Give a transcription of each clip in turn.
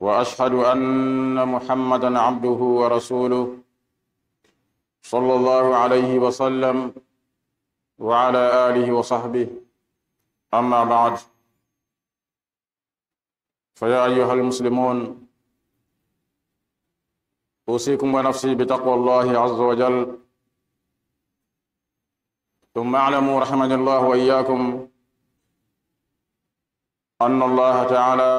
واشهد ان محمدا عبده ورسوله صلى الله عليه وسلم وعلى اله وصحبه اما بعد فيا ايها المسلمون اوصيكم ونفسي بتقوى الله عز وجل ثم اعلموا رحمني الله واياكم ان الله تعالى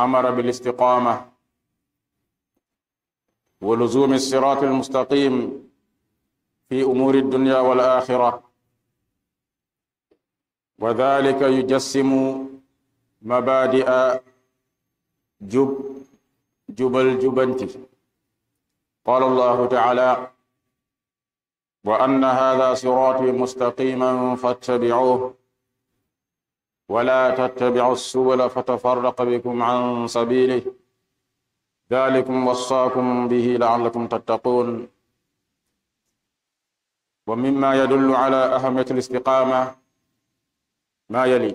امر بالاستقامه ولزوم الصراط المستقيم في امور الدنيا والاخره وذلك يجسم مبادئ جب جبل جبنتي قال الله تعالى وأن هذا صراطي مستقيما فاتبعوه ولا تتبعوا السبل فتفرق بكم عن سبيله ذلكم وصاكم به لعلكم تتقون ومما يدل على أهمية الاستقامة ما يلي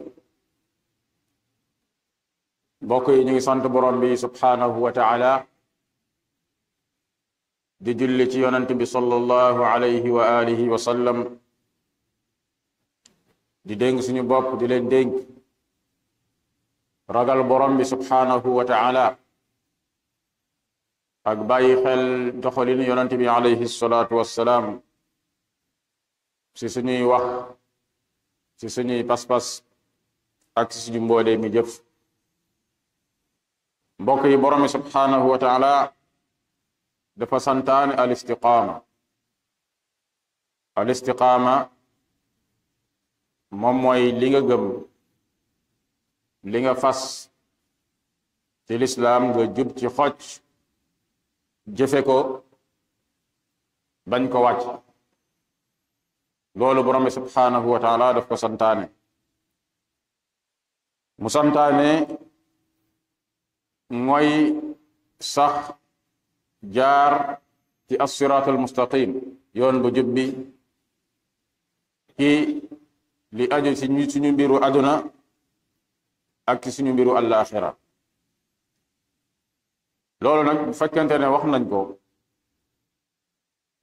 بقي سانت بربي سبحانه وتعالى دي جلتي ينتبي صلى الله عليه وآله وسلم di dénk suñu bopp di leen dénk ragal borom bi subhaanahu wa ta'ala ak bàyyi xel doxalinu yonent bi alayhi salaatu wassalaam si suñuy wax si suñuy pas-pas ak si suñu mboolee mi jëf mbokk yi borom bi subhaanahu wa ta'ala dafa santaane al istiqaama al istiqaama moom mooy li nga gëm li nga fas ci lislaam nga jub ci xocc jëfe ko bañ ko wàcc loolu borom bi subhaanahu wa taala daf ko santaane mu santaane mooy sax jaar ci assiraatul mustaqim yoon bu jub bi ki li aje si ñu ci ñu mbiru aduna ak ci ñu mbiru àllaaxira loolu nag bu fakkante ne wax nañ ko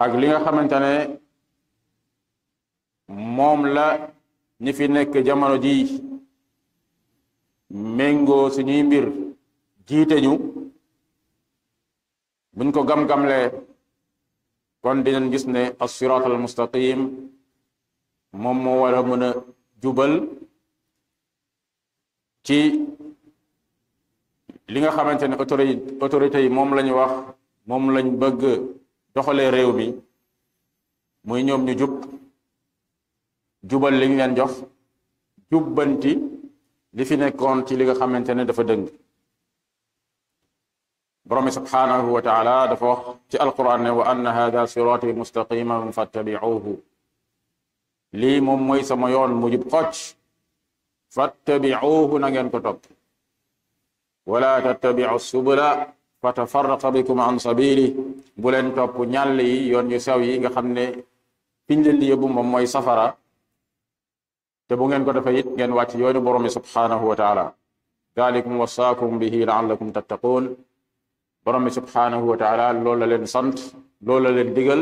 ak li nga xamantene mom la ñi fi nek jamono ji mengo méngoo suñuy mbir jité ñu buñ ko gam gam le kon dinañ gis ne as siratal mustaqim mom mo wara a mën jubal ci li nga xamantene autorité autorité mom lañ wax mom lañ bëgg doxale réew mi muy ñoom ñu jub jubal li ñu leen jox jubbanti li fi nekkoon ci li nga xamantene dafa dëng borom bi subhanahu wa taala dafa wax ci alquran ne wa anna hada sirati mustaqiman fattabiuhu li mom moy sama yoon mu jub xocc fattabicuuhu na ngeen ko top wala tattabi'u subula fatafarraqa bikum an sabili bu len top ñal yi yoon yu sew yi nga xamne fiñ leen di yóbbu mom moy safara te bu ngeen ko dafa yit ngeen wàcc yoonu borom subhanahu wa taala dalikum wasaakum bihi laallakum tattaqun borom subhanahu wa taala loolu la leen sant loolu la leen digal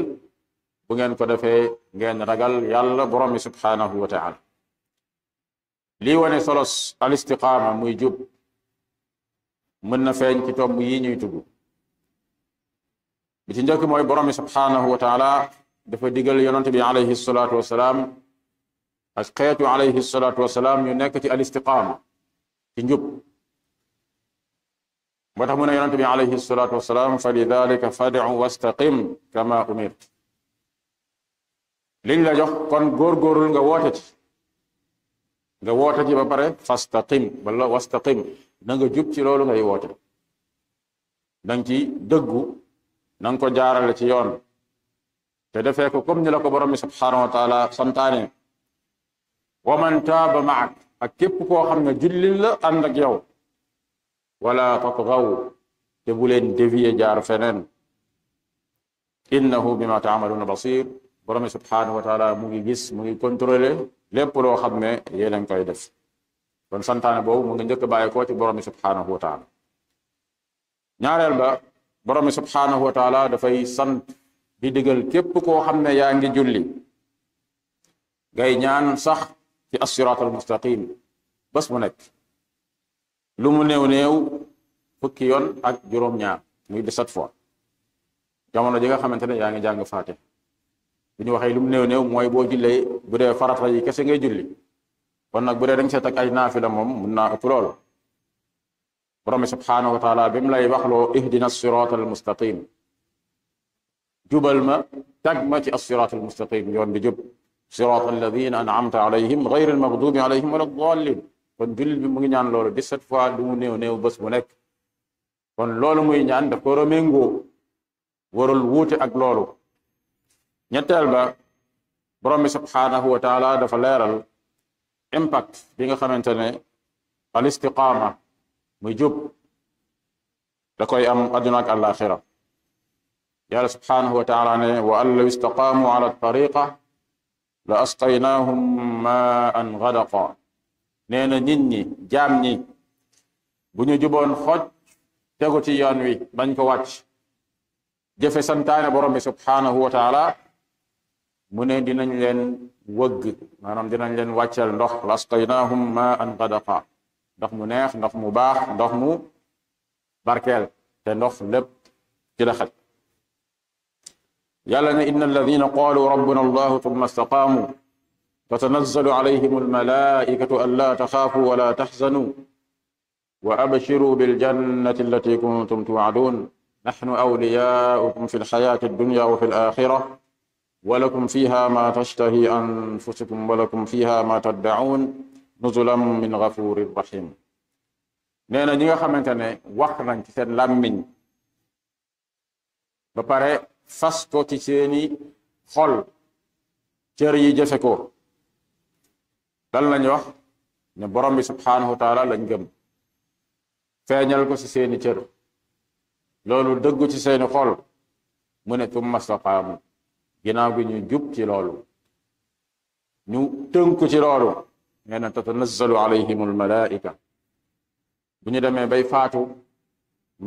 bu ngeen ko defee ngeen ragal yàlla borom bi subhaanahu wa taala lii wane solos al istiqaama muy jub mën na feeñ ci tomb yi ñuy tudd bi ci njëkk mooy borom bi subhaanahu wa taala dafa digal yonante bi alayhi salaatu wasalaam ak xeetu alayhi salaatu wasalaam ñu nekk ci al istiqaama ci njub moo tax mu ne yonante bi alayhi salaatu wasalaam fa lidalika fad'u wastaqim kama umirt liñ la jox kon góorgóorlu nga woote nga woote ci ba pare fastaqim wala wastaqim na nga jub ci loolu ngay woote danga ci dëggu na ko jaarale ci yoon te defee ko comme ni la ko borom bi subhaanahu wa taala santaane wa man taaba maak ak képp koo xam ne jullit la ànd ak yow wala tatgaw te bu leen dévier jaar feneen innahu bima na basir borom bi subhanahu wa taala mu ngi gis mu ngi contrôler lépp loo xam ne yéen a koy def kon santaane boobu mu ngi njëkk bàyyi koo ci borom bi subhanahu wa taala ñaareel ba borom bi subhanahu wa taala dafay sant bi digal képp koo xam ne yaa ngi julli ngay ñaan sax ci assiraatal mustaqim bés mu nekk lu mu néew néew fukki yoon ak juróom-ñaar muy dix-sept fois jamono ji nga xamante ne yaa ngi jàng faate bu ñu waxee lu mu néew néew mooy boo jullee bu dee farata yi kese ngay julli kon nag bu dee dañ seet ak ay naafila moom mun naa ëpp lool borom bi wa taala bi mu lay waxloo ihdina siraat al mustaqim jubal ma tag ma ci assiraat al mustaqim yon bi jub siraat alladina anamta alayhim gayr al magdubi alayhim wala dallin kon jullit bi mu ngi ñaan loolu 17 fois lu mu néew néew bés bu nekk kon loolu muy ñaan daf ko romee ngoo warul ak loolu ñetteel ba borom bi subhanahu wa taala dafa leeral impact bi nga xamante ne al istiqaama muy jub da koy am adduna ak àllaaxira yàlla subhanahu wa taala ne wa an law istaqaamu ala tariqa la asqaynaahum maan gadaqa nee na nit ñi jaam ñi bu ñu juboon xoj tegu ci yoon wi bañ ko wàcc jëfe santaane borom bi subhanahu wa taala mune dinañ leen wëgg maanaam dinañ leen wàccal ndox lasqaynahum ma an gadaqa ndox mu neex ndox mu baax ndox mu barkeel te ndox lépp ci la xaj yàlla ne inna alladina qalu rabbuna allah thumma istaqaamu tatanazzalu عليهم الملائكة ألا تخافوا ولا تحزنوا وأبشروا بالجنة التي كنتم توعدون نحن أولياؤكم في الحياة الدنيا وفي الآخرة ولكم فيها ما تشتهي أنفسكم ولكم فيها ما تدعون نزلا من غفور رحيم nee na ñi nga xamante ne wax nañ ci seen làmmiñ ba pare fas ko ci seeni xol cër yi jëfe ko dal lañ wax ne borom bi subhaanahu wa taala lañ gëm feeñal ko ci seeni cër loolu dëggu ci seeni xol mu ne tumma staqaamu ginnaaw gi ñu jub ci loolu ñu tënku ci loolu nee na tatanazzalu alayhim almalaika bu ñu demee bay faatu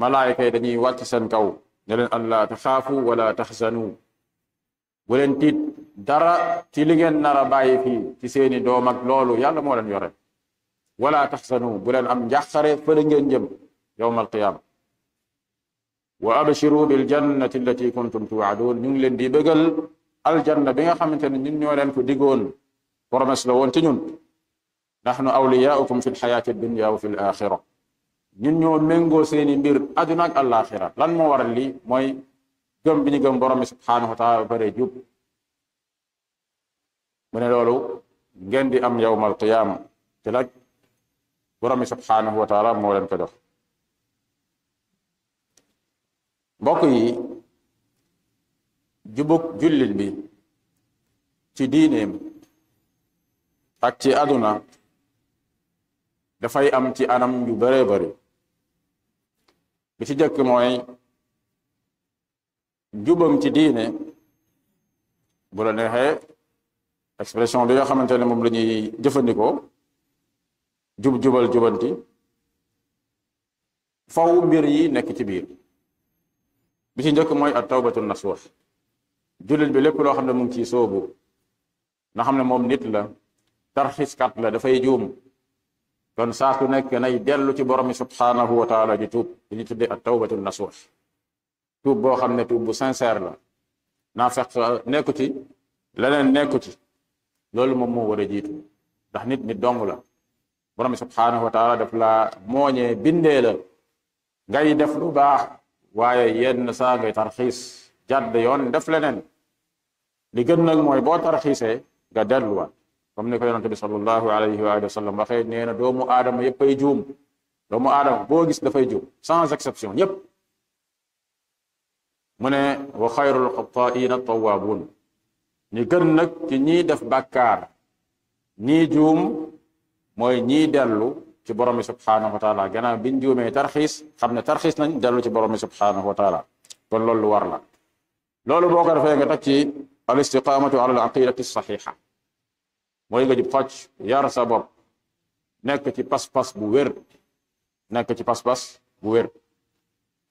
malaayika yi dañuy wàcc seen kaw ne leen an taxaafu wala taxsanu bu leen tiit dara ci li ngeen nar a bàyyi fii ci seeni doom ak loolu yàlla moo leen yore wala taxsanu bu leen am njàqare fële ngeen jëm yowm alqiyaama وابشروا بالجنه التي كنتم توعدون نيغ لين دي بغال الجنه بيغا خامتاني نين نيو لين كو ديغون برومس لوون تي نحن اولياؤكم في الحياه الدنيا وفي الاخره نين نيو مينغو سيني مير ادناك الاخره لان مو وارال لي موي گم بي گم بروم سبحانه وتعالى بري جوب من لولو گندي ام يوم القيامه تلاج برومي سبحانه وتعالى مولن كدوخ mbokk yi jubug jullit bi ci diineem ak ci aduna dafay am ci anam yu bare bare bi ci jëkk mooy jubam ci diine bu la neexee expression bi nga xamante ne moom lañuy jëfandikoo jub jubal jubanti faw mbir yi nekk ci biir bi ci njëkk mooy at tawbatu nasuux jullit bi lépp loo xam ne mu ngi ciy sóobu na xam ne moom nit la tarxiskat la dafay juum kon saa su nekk nay dellu ci borom bi subhaanahu wa taala ji tuub li ñu tuddee at tawbatu nasuux tuub boo xam ne tuub bu sincère la naa fekk nekku ci leneen nekku ci loolu moom moo war a jiitu ndax nit nit dong la borom bi subhaanahu wa taala daf laa mooñee bindee la ngay def lu baax waaye yenn saa ngay tarxiis jàdd yoon def leneen li gën nag mooy boo tarxiisee nga delluwaat comme ni ko yonente bi sallallahu alayhi wa sallam waxee nee na doomu aadama yëpp ay juum doomu aadama boo gis dafay juum sans exception yépp mu ne wa xayrul xataa'iina tawaabuun ñi gën nag ci ñiy def bàkkaar ñii juum mooy ñii dellu ci borom bi subhaanahu wa taala gannaaw biñ juumee tarxiis xam ne tarxiis nañ dellu ci borom bi subhaanahu wa taala kon loolu war loolu boo ko defee nga teg ci al istiqaamatu ala al aqidati saxiixa mooy nga jub xocc yar sa bopp nekk ci pas-pas bu ci pas-pas wér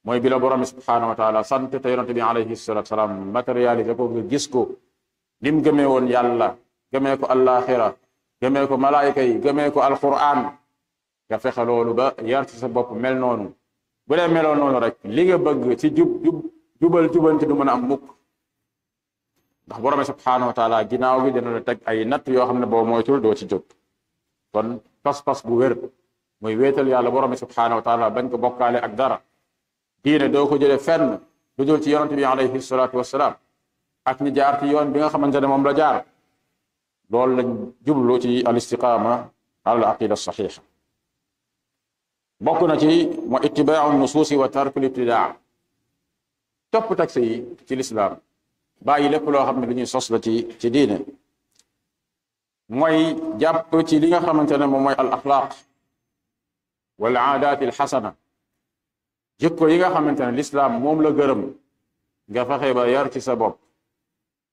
mooy bi borom bi subhaanahu wa taala sant te yonente bi alayhi salatu salaam matérialisé ko nga gis ko lim gëmee woon ko allaaxira gëmee ko malaayika yi gëmee ko nga fexe loolu ba yar ci sa bopp mel noonu bu dee meloo noonu rek li nga bëgg ci jub jub jubal jubanti du mën a am mukk ndax borom subhanahu wa taala ginnaaw gi dina la teg ay natt yoo xam ne boo moytul doo ci jóg kon pas-pas bu wér muy wéetal yàlla borom subhanahu wa taala bañ ko bokkaale ak dara diine doo ko jële fenn lu dul ci yonente bi alayhi salaatu wasalaam ak ñi jaar ci yoon bi nga xamante ne moom la jaar loolu lañ jublu ci al istiqaama ala al aqida saxiixa bokk na ci mu itibaaru nusuusi wa tarkul ibtidaa topp taxe yi ci lislaam bàyyi lépp loo xam ne lu ñuy sos la ci ci diine mooy jàpp ci li nga xamante ne moom mooy al axlaaq wal aadaat al xasana jikko yi nga xamante ne lislaam moom la gërëm nga fexe ba yar ci sa bopp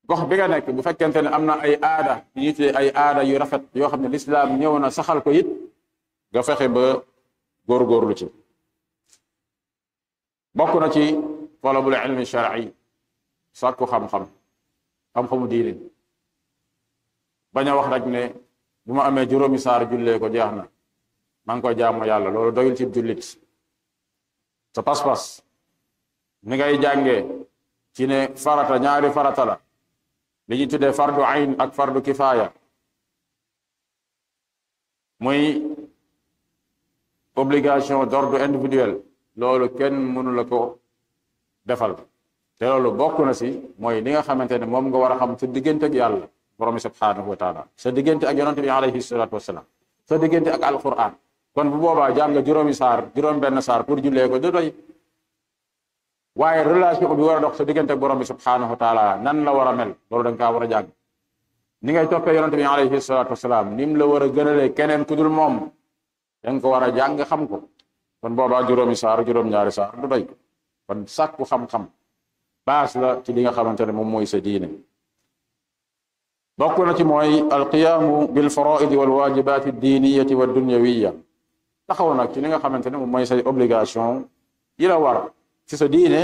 gox bi nga nekk bu fekkente ne am na ay aada yu ñuy tuddee ay aada yu rafet yoo xam ne lislaam ñëw na saxal ko it nga fexe ba góorgóorlu ci bokk na ci talabul ilmi shar'i sàkku xam-xam xam-xamu diine bañ a wax rek ne bu ma amee juróomi saar jullee ko jeex na maa ngi koy jaamu yàlla loolu doyul ci jullit sa pas-pas ni ngay jàngee ci ne farata ñaari farata la li ñu tuddee fardu ayn ak fardu kifaaya muy obligation d'ordre individuel loolu kenn mënu la ko defal te loolu bokk na si mooy li nga xamante ne moom nga war a xam sa diggante ak yàlla borom subhaanahu wa taala sa diggante ak yonante bi alayhi salaatu wasalaam sa diggante ak alquran kon bu boobaa jàng nga juróomi saar juróom benn saar pour jullee ko du doy waaye relation bi war a sa diggante ak borom bi subhaanahu wa taala nan la war a mel loolu da nga kaa war a jàng ni ngay toppee yonante bi alayhi salaatu wasalaam ni la war a keneen ku dul moom danga ko war a xam ko kon boobaa juróomi saar juróom-ñaari saar du doy kon sàkku xam-xam baas la ci li nga xamante ne moom mooy sa diine bokk na ci mooy alqiyaamu bil faraidi wal waajibaati diiniyati wa dunyawiya taxaw nag ci li nga xamante ne moom mooy say obligation yi war ci sa diine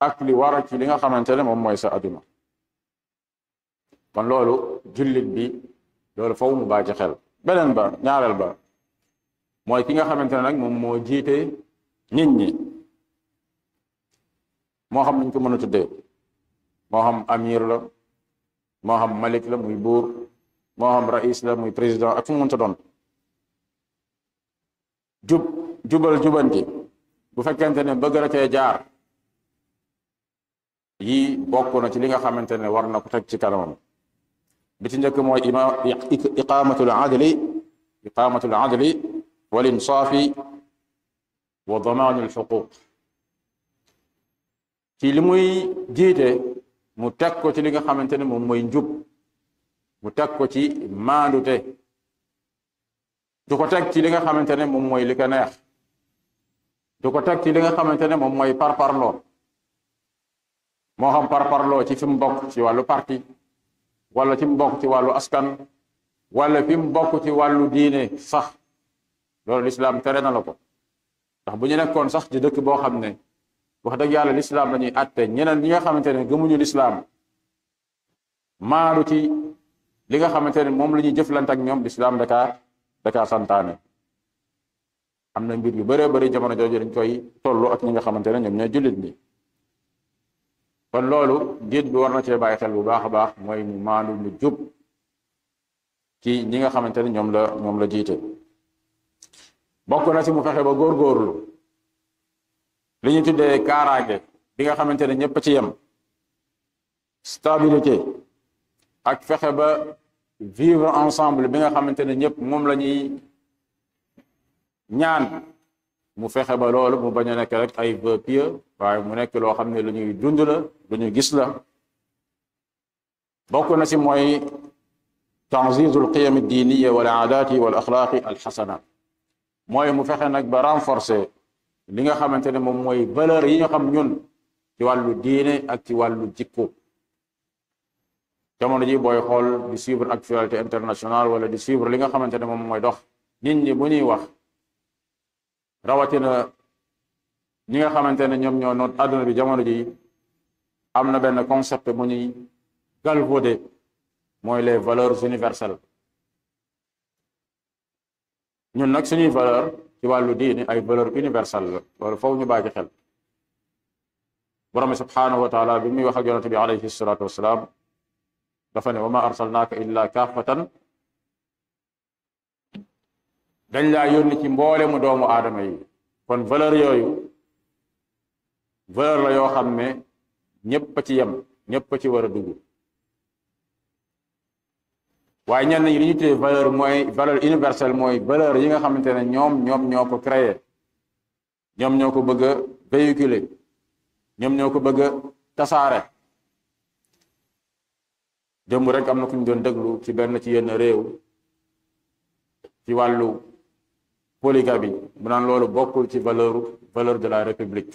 ak li war ci li nga xamante ne moom mooy sa adduna kon loolu julit bi loolu faw mu bàyyi xel beneen ba ñaareel ba mooy ki nga xamante ne nag moom moo jiite nit ñi moo xam nañ ko mën a tuddee moo xam amir la moo xam malik la muy buur moo xam rais la muy président ak fu mu mënta doon jub jubal jubanti bu fekkente ne bëgga na jaar yi bokk na ci li nga xamante ne war na ko teg ci kanamam bi ci njëkk mooy iqaamatul adli iqaamatul adli walinsaafi wa damaanu alxuquq ci li muy jiite mu teg ko ci li nga xamante ne moom mooy njub mu teg ko ci maandute du ko teg ci li nga xamante ne moom mooy li ko neex du ko teg ci li nga xamante ne moom mooy parparloo moo xam parparloo ci fi mu bokk ci wàllu parti wala ci mu bokk ci wàllu askan wala fi mu bokk ci wàllu diine sax loolu lislaam tere na la ko ndax bu ñu nekkoon sax ci dëkk boo xam ne wax dëgg yàlla lislaam la ñuy àtte ñeneen ñi nga xamante ne gëmuñu lislaam maaru ci li nga xamante ne moom lañuy ñuy jëflante ak ñoom lislaam dakaa dakaa santaane am na mbir yu bëree bëri jamono jooju dañ koy tollu ak ñi nga xamante ne ñoom ñooy jullit ñi kon loolu njiit bi war na cee bàyyi xel bu baax a baax mooy mu maandu mu jub ci ñi nga xamante ne ñoom la ñoom la jiite bokk na ci mu fexe ba góorgóorlu li ñu tuddee kaaraange bi nga xamante ne ñëpp ci yem stabilité ak fexe ba vivre ensemble bi nga xamante ne ñëpp moom la ñuy ñaan mu fexe ba loolu mu bañ a nekk rek ay vœux pieux waaye mu nekk loo xam ne lu ñuy dund la lu ñu gis la bokk na ci mooy tanzizul qiyam ad-diniya wal aadati wal axlaaqi al xasanat mooy mu fexe nag ba renforcer li nga xamante ne moom mooy valeur yi nga xam ñun ci wàllu diine ak ci wàllu jikko jamono ji booy xool di suivre actualité internationale wala di suivre li nga xamante ne moom moy dox nit ñi bu ñuy wax rawatina ni nga xamante ne ñoom ñoo noot àdduna bi jamono ji am na benn concept bu ñuy galvaudé mooy les valeurs universelles ñun nag suñuy valeur ci wàllu diine ay valeur universelle la loolu foofu ñu bàyyi xel borom bi subhaanahu wa taala bi muy wax ak yonente bi alayhi salatu wasalaam dafa ne wa ma arsalnaaka illa kaafatan dañ laa yónni ci mboolemu doomu aadama yi kon valeur yooyu valeur la yoo xam ne ñëpp a ci yem ñëpp ci war a dugg waaye ñenn ñi li ñu tuddee valeur mooy valeur universelle mooy valeur yi nga xamante ne ñoom ñoom ñoo ko créer ñoom ñoo ko bëgg a véhiculer ñoom ñoo ko bëgg a tasaare. démb rek am na ku ñu doon déglu ci benn ci yenn réew ci wàllu polygamie mu naan loolu bokkul ci valeur valeur de la république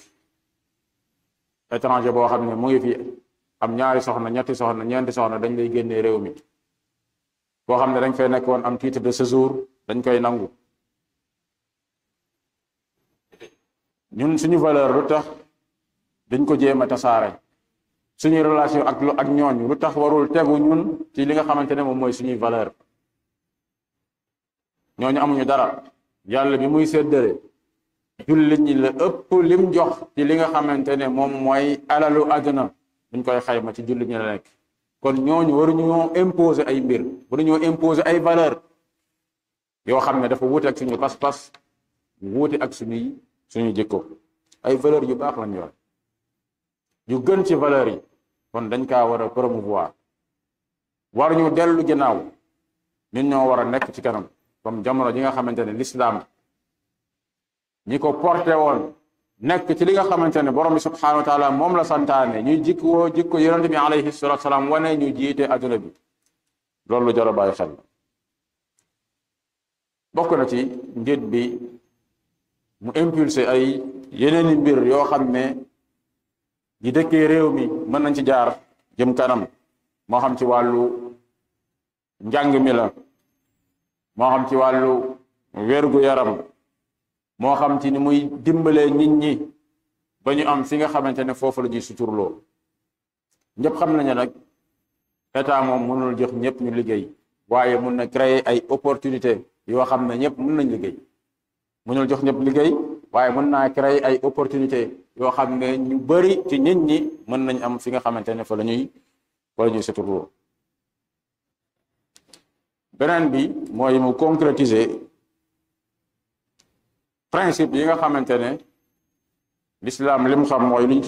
étranger boo xam ne mu fi am ñaari soxna ñetti soxna ñeenti soxna dañ lay génnee réew mi. koo xam ne dañ fay nekk woon am titre de séjour dañ koy nangu ñun suñu valeur lu tax dañ ko jéem a tasaare suñuy relation ak lu ak ñooñu lu tax warul tegu ñun ci li nga xamante ne moom mooy suñuy valeur ñooñu amuñu dara yàlla bi muy séddale jullit ñi la ëpp lim jox ci li nga xamante ne moom mooy alalu àdduna dañ koy xayma ci jullit ñi la kon ñooñu waruñoo imposer ay mbir waruñoo imposer ay valeur yoo xam ne dafa wuute ak suñu pas-pas wuute ak suñuy suñu jikko ay valeur yu baax lañ yor yu gën ci valeur yi kon dañ kaa war a promouvoir waruñu dellu ginnaaw ñun ñoo war a nekk ci kanam comme jamono ji nga xamante ne l'islam ñi ko porté woon nekk ci li nga xamante ne borom bi subhanahu moom la santaane ñuy jikk jikkoo jikko yonent bi alayhi salatu salaam wane ñu jiite adduna bi loolu lu jar a xel bokk na ci njiit bi mu impulsé ay yeneeni mbir yoo xam ne ñi réew mi mën nañ ci jaar jëm kanam moo xam ci wàllu njàng mi la moo xam ci wàllu wérgu yaram moo xam ti ni muy dimbalee nit ñi ba ñu am fi nga xamante ne foofu la ñuy suturloo ñëpp xam nañu nag état moom mënul jox ñëpp ñu liggéey waaye mun na créer ay opportunité yoo xam ne ñëpp mun nañ liggéey mënul jox ñëpp liggéey waaye mën naa créer ay opportunité yoo xam ne ñu bari ci nit ñi mën nañ am fi nga xamante ne fa la ñuy fa la beneen bi mooy mu concrétiser principe yi nga xamantene l'islam lim xam moy lu ñu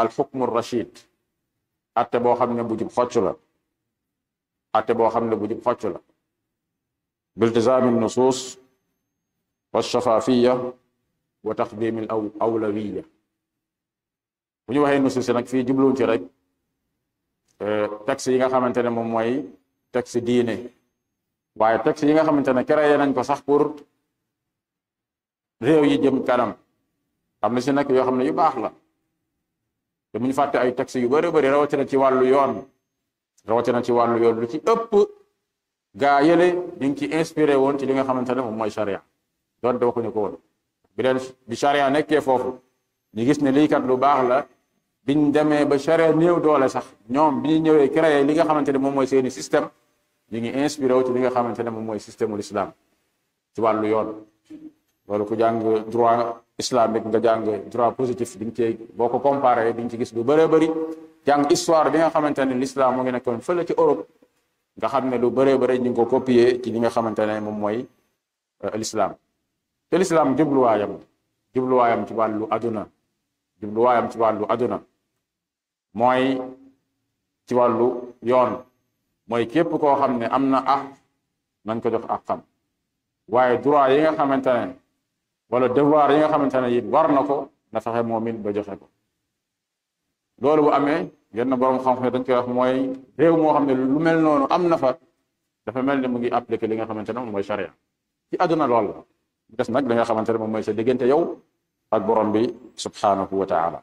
al hukm ar rashid atte bo xamné bu jub xocc la atte bo xamné bu jub xocc la bil an nusus wa shafafiyya wa taqdim al awlawiyya bu ñu waxe nusus nak fi jubluwuñ ci rek euh texte yi nga xamantene mom moy texte diine waye texte yi nga xamantene créé nañ ko sax pour réew yi jëm kanam am na si nag yoo xam ne yu baax la te bu ñu fàtte ay taxi yu bëri bëri rawatina ci wàllu yoon rawatina ci wàllu yoon lu ci ëpp gaa yële ñu ngi ci inspiré woon ci li nga xamante ne moom mooy charia doonte waxuñu ko woon bi bi charia nekkee foofu ñu gis ne lii kat lu baax la biñ demee ba charia néew doole sax ñoom bi ñu ñëwee créé li nga xamante ne moom mooy seeni système ñu ngi inspiré wu ci li nga xamante ne moom mooy système ul islam ci wàllu yoon loolu ku jàng droit islamique nga jàng droit positif di nga cee boo ko comparé di nga ci gis lu bëree bari jàng histoire bi nga xamante ne l'islam mu ngi nekkoon fële ci Europe nga xam ne lu bëree bëri ñu ngi ko copier ci li nga xamante ne moom mooy euh, l'islam te l'islam jubluwaayam jubluwaayam ci wàllu aduna jubluwaayam ci wàllu aduna moy ci wàllu yoon mooy képp koo xam ne am na ah nañ ko jox ak xam waaye droit yi nga wala devoir yi nga xamante ne it war na ko na fexe moom it ba joxe ko loolu bu amee yenn borom xam-xam dañ koy wax mooy réew moo xam ne lu mel noonu am na fa dafa mel ne mu ngi appliqué li nga xamante ne moom mooy charia ci àdduna lool la des nag li nga xamante ne moom mooy sa diggante yow ak borom bi subhanahu wa taala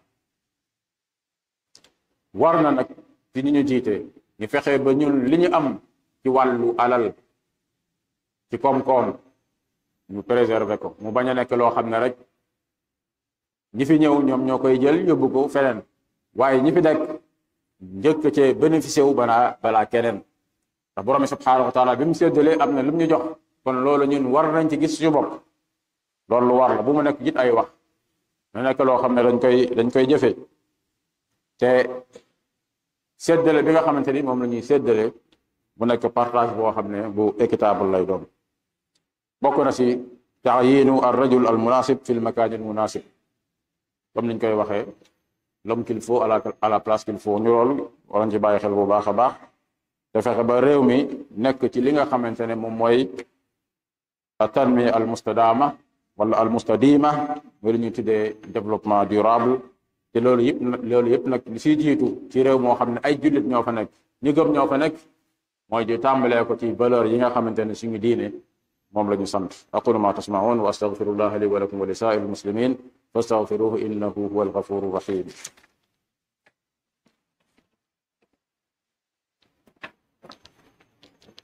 war na nag ci ñi ñu jiite ñu fexe ba ñun li ñu am ci wàllu alal ci koom-koom ñu préserver ko mu bañ a nekk loo xam ne rek ñi fi ñëw ñoom ñoo koy jël yóbbu ko feneen waaye ñi fi nekk njëkk cee bénéficié wu balaa balaa keneen ndax borom subhaanahu wa taala bi mu séddalee am na lu mu ñu jox kon loolu ñun war nañ ci gis suñu bopp loolu lu war bu mu nekk jit ay wax mu nekk loo xam ne dañ koy dañ koy jëfee te séddale bi nga xamante ni moom la ñuy séddale mu nekk partage boo xam ne bu équitable lay doon. بكون سي تعيين الرجل المناسب في المكان المناسب كم نين كاي واخا لوم كيل فو على على بلاص كيل فو نيول ولا نجي باي خيل بو باخا باخ دا فخ با ريومي نيك تي ليغا خامتاني موم موي التنمية المستدامة ولا المستديمة ولا ني تودي ديفلوبمون ديورابل تي لولو ييب لولو ييب نك لي سي جيتو تي ريو مو خامن اي جوليت نيو نك ني گوم نيو نك موي دي تامبلي كو تي فالور ييغا خامتاني سيغي دينه موم لاجي سانت اقول ما تسمعون واستغفر الله لي ولكم ولسائر المسلمين فاستغفروه انه هو الغفور الرحيم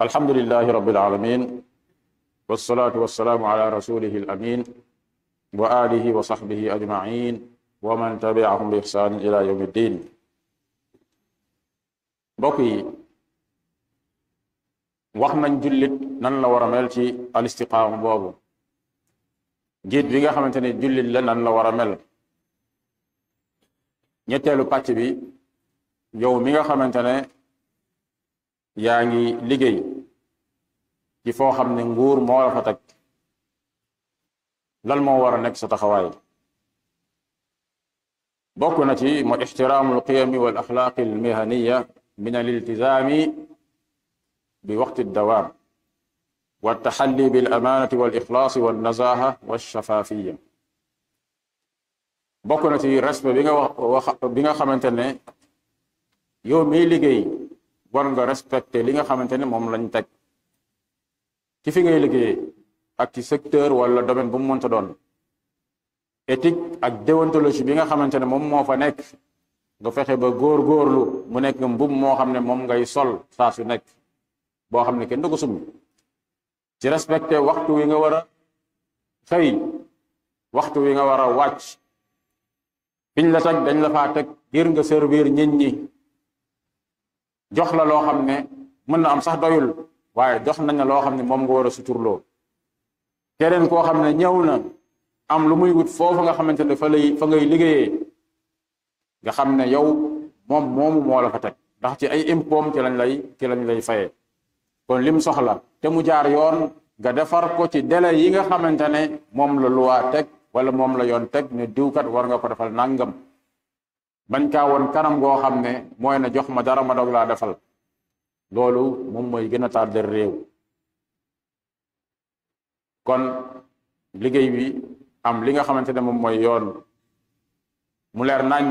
الحمد لله رب العالمين والصلاة والسلام على رسوله الأمين وآله وصحبه أجمعين ومن تبعهم بإحسان إلى يوم الدين بقي وخنا جلد nan la war a mel ci al istiqaama boobu jiit bi nga xamante ne jullit la nan la war a mel ñetteelu pàcc bi yow mi nga xamante ne yaa ngi liggéey ci foo xam ne nguur moo la fa teg lan moo war a nekk sa taxawaay bokk na ci mooy ixtiraamu alqiyami wal axlaaqi almihaniya min al iltizaami bi waxti dawaam والتحلي بالأمانة والإخلاص والنزاهة والشفافية بكرة na ci respect bi nga wax bi nga xamante ne yow miy liggéey war nga respecté li nga xamante ne moom lañ teg ci fi ngay liggéeyee nga fexe ba gor goorlu mu nek mbubb moo xam ne ngay sol sa su nek bo xamné kenn ci respecté waxtu wi nga war a xëy waxtu wi nga war a wàcc fiñ la teg dañ la faa teg ngir nga servir nit ñi jox la loo xam ne mën na am sax doyul waaye jox nañ la loo xam ne moom nga war a suturloo keneen koo xam ne ñëw na am lu muy wut foofu nga xamante ne fa lay fa ngay liggéeyee nga xam ne yow moom moomu moo la fa teg ndax ci ay impôts ci lañ lay ci lañ lay fayee kon lim soxla te mu jaar yoon nga defar ko ci délai yi nga xamante ne moom la luwaa teg wala moom la yoon teg ne diwkat war nga ko defal nangam bañ kaa woon kanam goo xam ne mooy na jox ma dara ma dog laa defal loolu moom mooy gën a tardé réew kon liggéey bi am li nga xamante ne moom mooy yoon mu leer nañ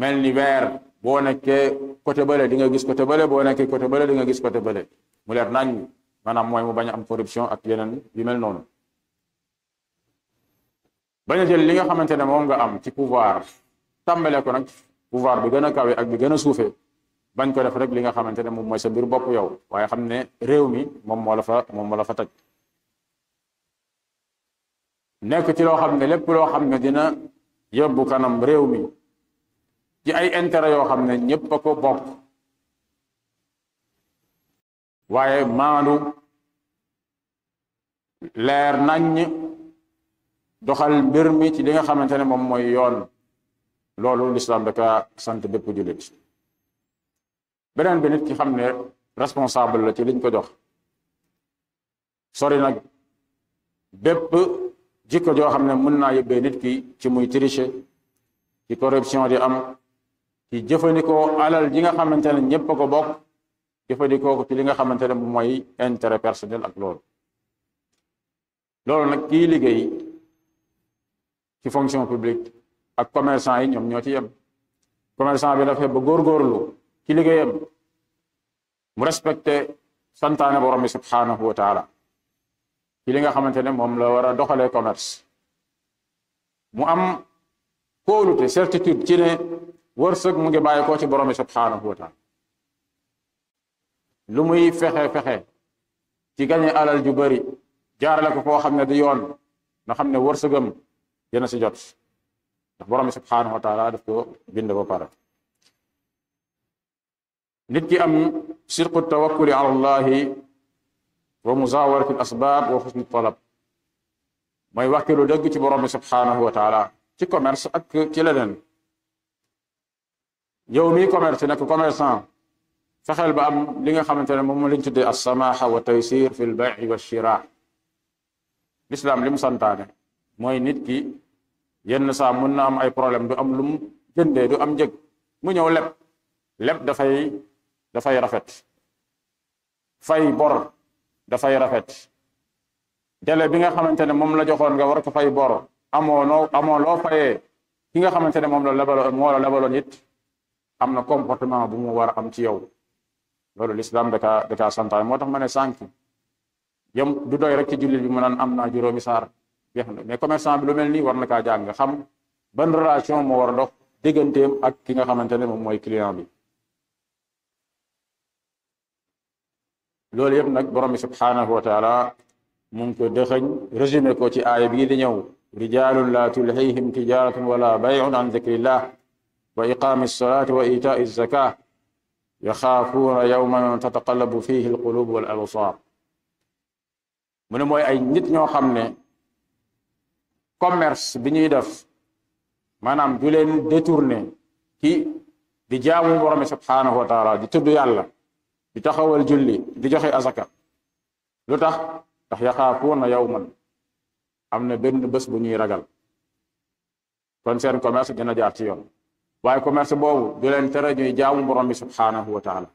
mel ni weer boo nekkee côté bële di nga gis côté bële boo nekkee côté bële di nga gis côté bële mu leer nañ maanaam mooy mu bañ a am corruption ak yeneen yu mel noonu bañ a jël li nga xamante ne moom nga am ci pouvoir tàmbale ko nag pouvoir bi gën a kawe ak bi gën a suufee bañ ko def rek li nga xamante ne moom mooy sa mbir bopp yow waaye xam ne réew mi moom moo la fa moom moo la fa taj nekk ci loo xam ne lépp loo xam ne dina yóbbu kanam réew mi ci ay intérêt yoo xam ne ñépp a ko bokk waaye maandu leer naññ doxal mbir mi ci li nga xamante ne moom mooy yoon loolu lislaam da ka sant bépp jullit beneen bi nit ki xam ne responsable la ci liñ ko jox sori nag bépp jikko xam ne mën naa yóbbee nit ki ci muy tricher ci corruption di am i jëfandikoo alal ji nga xamante ne ñëpp ko bokk jëfandikoo ko ci li nga xamante ne mooy intérêt personnel ak loolu loolu nag kii liggéey ci fonction publique ak commerçant yi ñoom ñoo ci yem commerçant bi dafay ba góorgóorlu ci liggéeyam mu respecté santaane borom bi subhaanahu wa taala ci li nga xamante ne moom la war a doxalee commerce mu am kóolute certitude ci ne wërsëg mu ngi ko ci borom bi subhaanahu wa taala lu muy fexe-fexe ci gañe alal ju bari jaarale ko foo xam ne du yoon na xam ne wërsëgam dina si jot ndax borom bi subhaanahu wa taala daf ko bind ba pare nit ki am sirqu tawakkuli ala allahi wa muzawarati al asbab wa xusni talab mooy wàkkilu dëgg ci borom bi subhaanahu wa taala ci commerce ak ci leneen yow mi commerce nekk commerçant fexeel ba am li nga xamante ne moom lañ tuddee as-samaha wa taysir fi al-bay' wa shira l'islam li mu santaane mooy nit ki yenn saa mën na am ay problème du am lu mu jëndee du am njëg mu ñëw leb leb dafay dafay rafet fay bor dafay rafet délai bi nga xamante ne la joxoon nga war ko fay bor amoo noo amoo loo ki nga xamante ne moom la lebaloon moo la am na comportement bu mu war a am ci yow loolu lislaam dakaa dakaa santaane moo tax ma ne sànki yam du doy rek ci jullit bi mu naan am naa juróomi saar jeex na mais commerçant bi lu mel nii war na kaa jàng nga xam ban relation moo war a dox digganteem ak ki nga xamante ne moom mooy client bi loolu yëpp nag borom bi subhaanahu wa taala mu ngi ko dëxëñ résumé ko ci aaya bi di ñëw rijalun la tulhihim tijaratun wala bayun an zikrillah وإقام الصلاة وإيتاء الزكاة yaxaafuuna yawman tataqallabu fiihi alqulub wal absaar mu ne mooy ay nit ñoo xam ne commerce bi ñuy def maanaam du leen détourné ci di jaamu borom subhaanahu wa taala di tudd yàlla di taxawal julli di joxe azaka lu tax ndax yaxaafuuna yawman am na benn bés bu ñuy ragal kon seen commerce dina jaar ci yoon waaye commerce boobu du leen tere ñuy jaamu borom bi subhanahu wa taala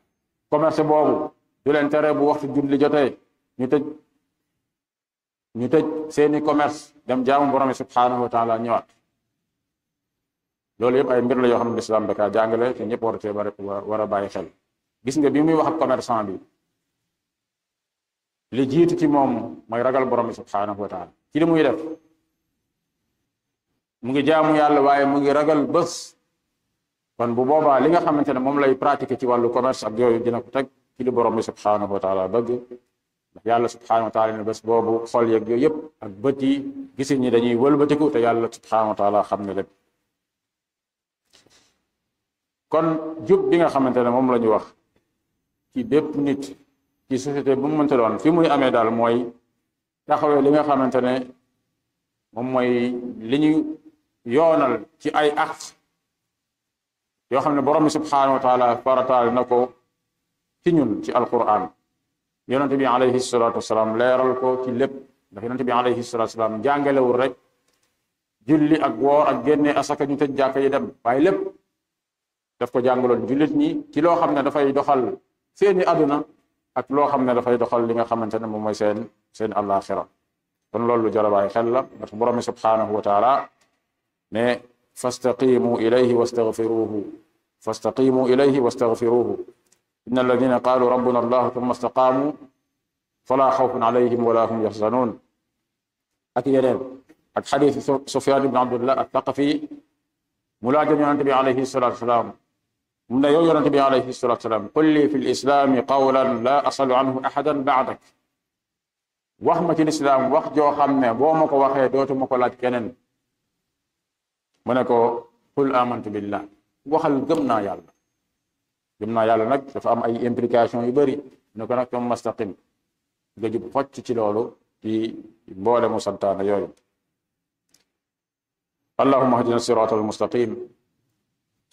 commerce boobu du leen tere bu waxtu julli jotee ñu tëj ñu tëj seeni commerce dem jaamu borom bi subhanahu wa taala ñëwaat loolu yëpp ay mbir la yoo xam ne da kaa jàngale te ñëpp war a teebar war a bàyyi xel gis nga bi muy wax ak commerçant bi li jiitu ci moom mooy ragal borom subhanahu wa taala ci li def mu ngi jaamu yàlla waaye mu ngi ragal bés kon bu boobaa li nga xamante ne moom lay pratiquer ci wàllu commerce ak yooyu dina ko teg ci li borom bi subhaanahu wa taala bëgg ndax yàlla subhaanahu wa taala ne boobu xol yeeg yooyu yëpp ak bët yi gisin ñi dañuy wëlbatiku te yàlla subhaanahu wa xam ne lépp kon jub bi nga xamante ne moom la ñu wax ci bépp nit ci société bu mu mënta doon fi muy amee daal mooy taxawee li nga xamante ne moom mooy li ñu yoonal ci ay actes yoo xam ne borom bi subhanahu wa taala farataal na ko ci ñun ci alquran yonente bi alayhi salatu wasalaam leeral ko ci lépp ndax yonente bi alayhi salatu wasalaam jàngalewul rek julli ak woor ak génne asaka ñu tëj jàkka yi dem waaye lépp daf ko jàngaloon jullit ñi ci loo xam ne dafay doxal seeni aduna ak loo xam ne dafay doxal li nga xamante ne moom mooy seen seen àllaaxira kon loolu jarabaay xel la ndax borom bi subhanahu wa taala ne فاستقيموا إليه واستغفروه فاستقيموا إليه واستغفروه إن الذين قالوا ربنا الله ثم استقاموا فلا خوف عليهم ولا هم يحزنون أكيدين الحديث سفيان بن عبد الله الثقفي ملاجم النبي عليه الصلاة والسلام من يو النبي عليه الصلاة والسلام قل لي في الإسلام قولا لا أصل عنه أحدا بعدك وهمة الإسلام وقت جو خمنا بومك وخير دوتمك ولا كنن mu ne qul amantu billah waxal gëm naa yàlla gëm naa yàlla nag dafa am ay implication yu bëri mu ne ko nag tam mustaqim nga jub xocc ci loolu ci mboole mu santaane yooyu اللهم اهدنا الصراط المستقيم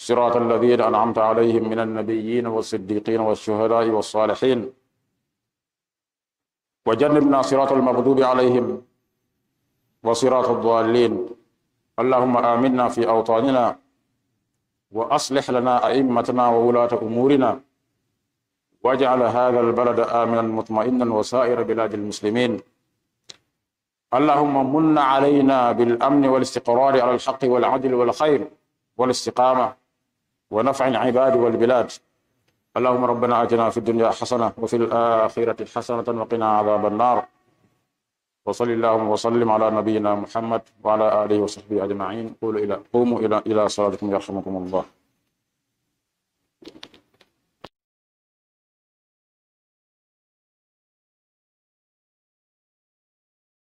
صراط الذين أنعمت عليهم من النبيين والصديقين والشهداء والصالحين وجنبنا صراط المغضوب عليهم وصراط الضالين اللهم آمنا في أوطاننا وأصلح لنا أئمتنا وولاة أمورنا واجعل هذا البلد آمنا مطمئنا وسائر بلاد المسلمين اللهم من علينا بالأمن والاستقرار على الحق والعدل والخير والاستقامة ونفع العباد والبلاد اللهم ربنا آتنا في الدنيا حسنة وفي الآخرة حسنة وقنا عذاب النار وصل اللهم وسلم على نبينا محمد وعلى آله وصحبه أجمعين إلى قوموا إلى إلى صلاتكم يرحمكم الله